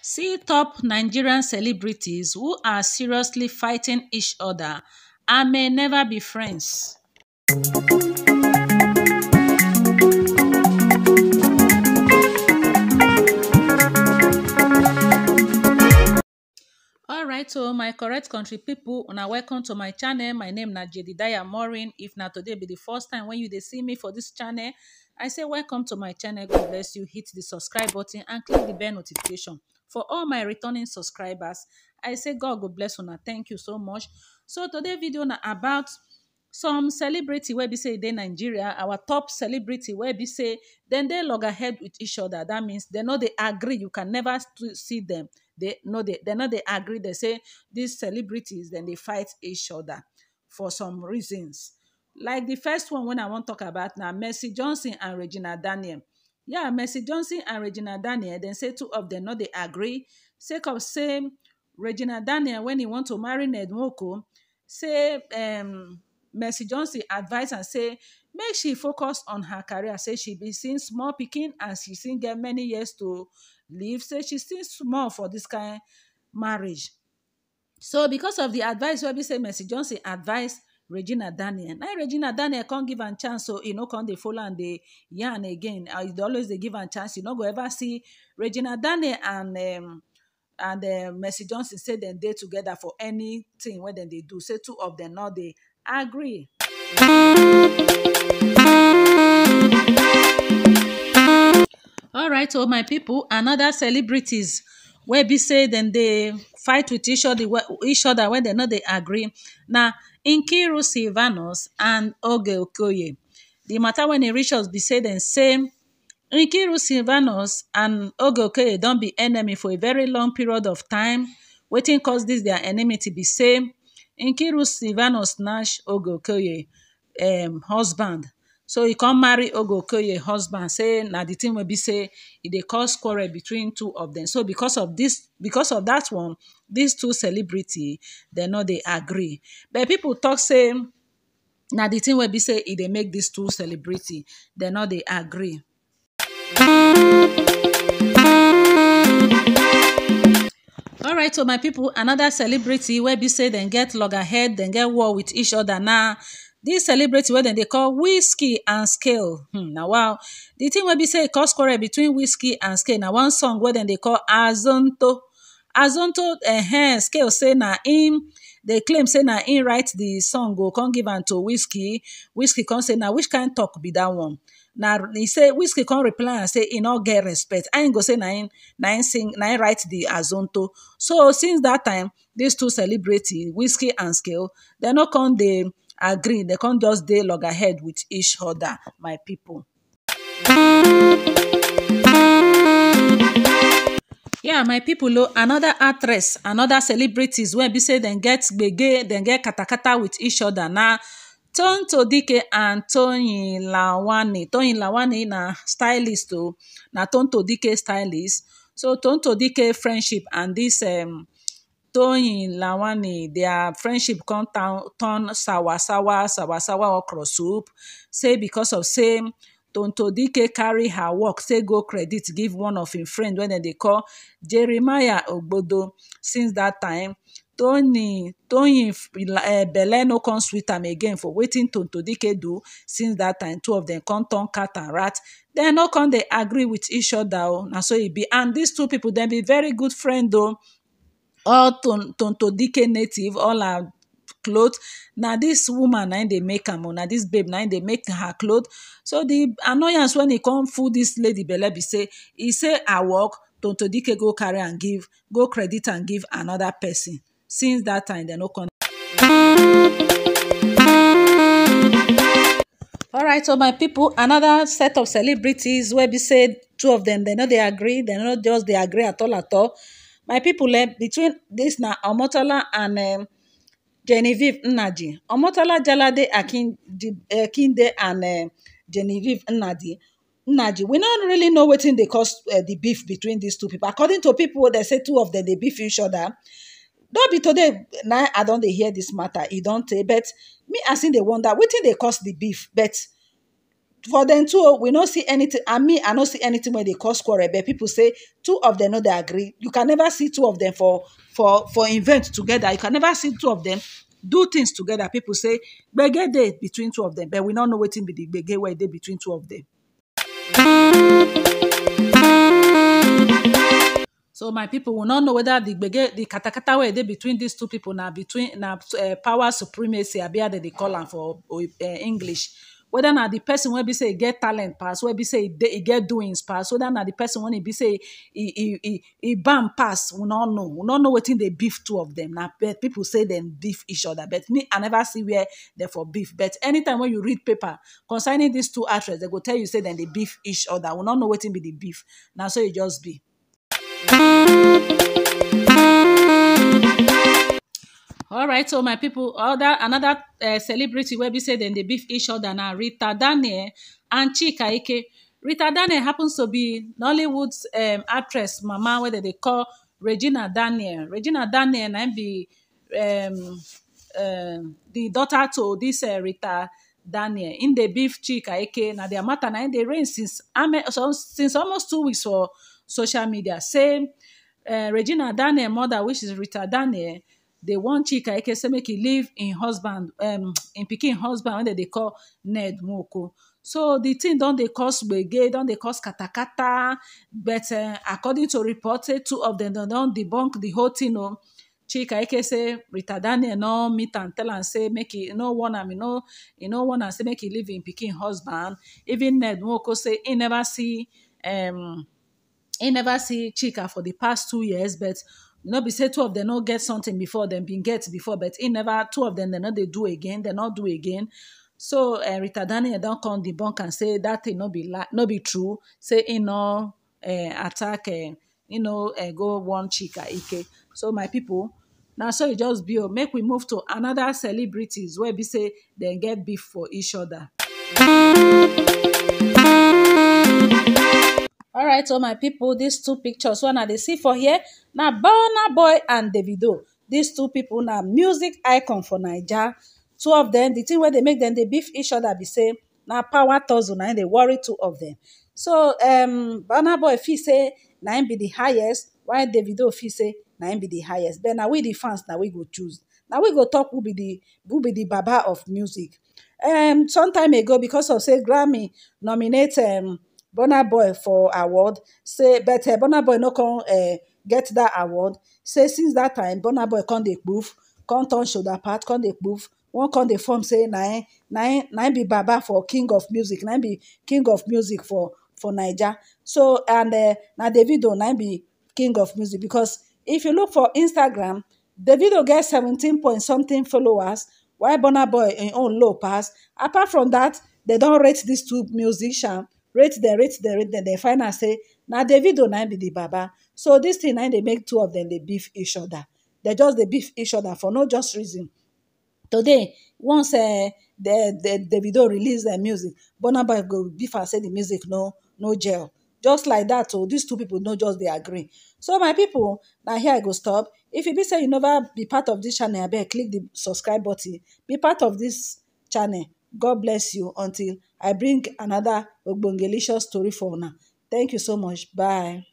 See top Nigerian celebrities who are seriously fighting each other and may never be friends. alright so my correct country people, and welcome to my channel my name is jedidiah morin if na today be the first time when you see me for this channel i say welcome to my channel god bless you hit the subscribe button and click the bell notification for all my returning subscribers. I say God go bless una. Thank you so much. So today video na about some celebrity wey be say dey nigeria our top celebrity wey be say dem dey loggerhead with each other that means dem no dey agree you can never see dem dem no dey agree dey say these celebrities dem dey fight each other for some reasons like the first one wey i wan talk about na mercy johnson and regina daniel yeah, Mercy Johnson and Regina Daniel, then say two of them, no, they agree. Sake of say, Regina Daniel, when he want to marry Ned Moko, say, um, Mercy Johnson advise and say, make she focus on her career. Say she be seen small picking and she still get many years to live. Say she still small for this kind of marriage. So because of the advice, we say Mercy Johnson advice regina daniel na regina daniel come give am chance so e no come dey follow am dey yarn again e uh, dey always dey give am chance you no go ever see regina daniel and um, and um, mercy johnson say dem dey together for anything wey dem dey do say two of dem no dey agree. alright o oh, my pipo and celebrities wey be say dem dey fight with each other, each other when they no they agree na nkiru silvanus and oge okoye the matter when e reach us be say dem say nkiru silvanus and oge okoye don't be enemy for a very long period of time wetin cause this their enemy to be say nkiru silvanus nash oge okoye um husband so he come marry ogokoye husband say now the thing will be say e dey cause quarrel between two of them. so because of this, because of that one these two celebrity they know they agree but people talk say now the thing will be say e they make these two celebrity they know they agree All right, so my people, another celebrity wey be say then get loggerhead then get war with each oda na This celebrity wey dem dey call whiskey and scale hmm na wow the thing wey be say e cause quarrel between whiskey and scale na one song wey dem dey call azonto azonto uh, scale say na im dey claim say na im write the song go come give am to whiskey whiskey come say na which kind talk be that one na he say whiskey come reply and say e no get respect and im go say na im na im sing na im write the azonto so since that time these two celebrity whiskey and scale dem no come dey agree They can't just dey ahead with each other my people. yeah my people o another actress another celebrities wey be say dem get gbege dem get katakata with each other na tonto dike and toyin lawani toyin lawani na stylist o oh. na tonto dike stylist so tonto dike friendship and this. um, Toyin Lawani, their friendship come turn, turn sour, sour, sour, sour okra soup. Say because of same Tonto Dike carry her work, say go credit, give one of him friend when they call Jeremiah Ogbodo. Since that time, Tony Toyin uh, eh, belle no come sweet am again for wetin Tonto Dike do since that time two of dem come turn cat and rat dem no come dey agree with each other o oh. na so e be and these two people dem be very good friend o. Oh. all dike native all her clothes. na this woman na they dey make am o oh, na dis babe na dey make her clothes. so the annoyance when he come full this lady belle be say he say her work dike go carry and give go credit and give another person since that time they no come. alright so my people, another set of celebrities where be say two of them. They know they agree They not just they agree at all at all my people eh, between this na omotola and um, genevieve nnaji omotola jalade akinde eh, and um, genevieve Nadi, Nadi. we don't really know in dey cause uh, the beef between these two people according to people they say two of them they beef each other Don't be today now. i don't hear this matter e don't. but me as in dey wonder in they cause the beef but for them two we no see anything and me i no see anything when they cause quarrel but people say two of them know they agree you can never see two of them for for for event together you can never see two of them do things together people say gbege dey between two of them. but we no know wetin be the gbege where they between two of them. so my people will not know whether the gbege the katakata where they between these two people now between now uh, eh, power supremacy abi how they call am for uh, english whether na the person wey be say e get talent pass wey be say e get doings pass whether na the person wey e be say e ban pass we no know we no know wetin dey beef two of them na people say dem beef each other but me i never see where dem for beef but anytime when you read paper concerning these two actress, dem go tell you say dem dey beef each other we no know wetin be the beef na so e just be. All right, so my people, other another uh, celebrity where we say then they beef each other now. Rita Daniel and Chika Ike. Rita Daniel happens to be Nollywood's um, actress, Mama, whether they call Regina Daniel. Regina Daniel and be um, uh, the daughter to this uh, Rita Daniel. In the beef Chika Ike, now their matter now they reign since since almost two weeks for social media. Same uh, Regina Daniel mother, which is Rita Daniel the one chika eke say make e live in husband um in picking husband wey they call ned Moko. so di tin don cost cause Don't they cause katakata but uh, according to report two of the don debunk the whole tin o chika eke say rita daniel no meet and tell and say make he no one am e no one and say make he live in picking husband even ned Moko say he never see um he never see chika for the past two years but no be say two of them no get something before them been get before but e never two of them they not they do again they not do again so eh, rita daniel don't come debunk and say that thing no be no be true say e no eh, attack e no go one chika ike so my people, now so e just be o oh, make we move to another celebrities where be say they get beef for each other. alright all my people, these two pictures one are dey see for here Now, burna boy and davido these two people, now music icon for Nigeria. two of them, the thing where they make them, they beef each other be say Now, power thousand now they worry two of them. so um burna boy he say na im be the highest Why, davido he say na im be the highest Then, now we the fans now we go choose Now we go talk. who be the who be the baba of music um some time ago because of say grammy nominate um Bonaboy boy for award say but uh, burna boy no come uh, get that award say since that time burna boy come dey can come turn shoulder part come dey poof one can dey form say nine nine nine be baba for king of music nine be king of music for for Niger. so and now uh, davido na nine be king of music because if you look for instagram davido get 17 point something followers why Bonaboy boy own low pass apart from that they don't rate these two musicians rate dem rate dem rate dem dem find out say na davido oh, na be the baba so this thing na dey make two of dem dey beef each other dem just dey beef each other for no just reason today once eh, the the davido oh, release dem music boy go beef am say di music no no gel just like that, o oh, these two people no just dey agree so my people, na here i go stop if e be say you never be part of this channel abeg click the subscribe button be part of this channel God bless you until I bring another Ogbongelicious story for now. Thank you so much. Bye.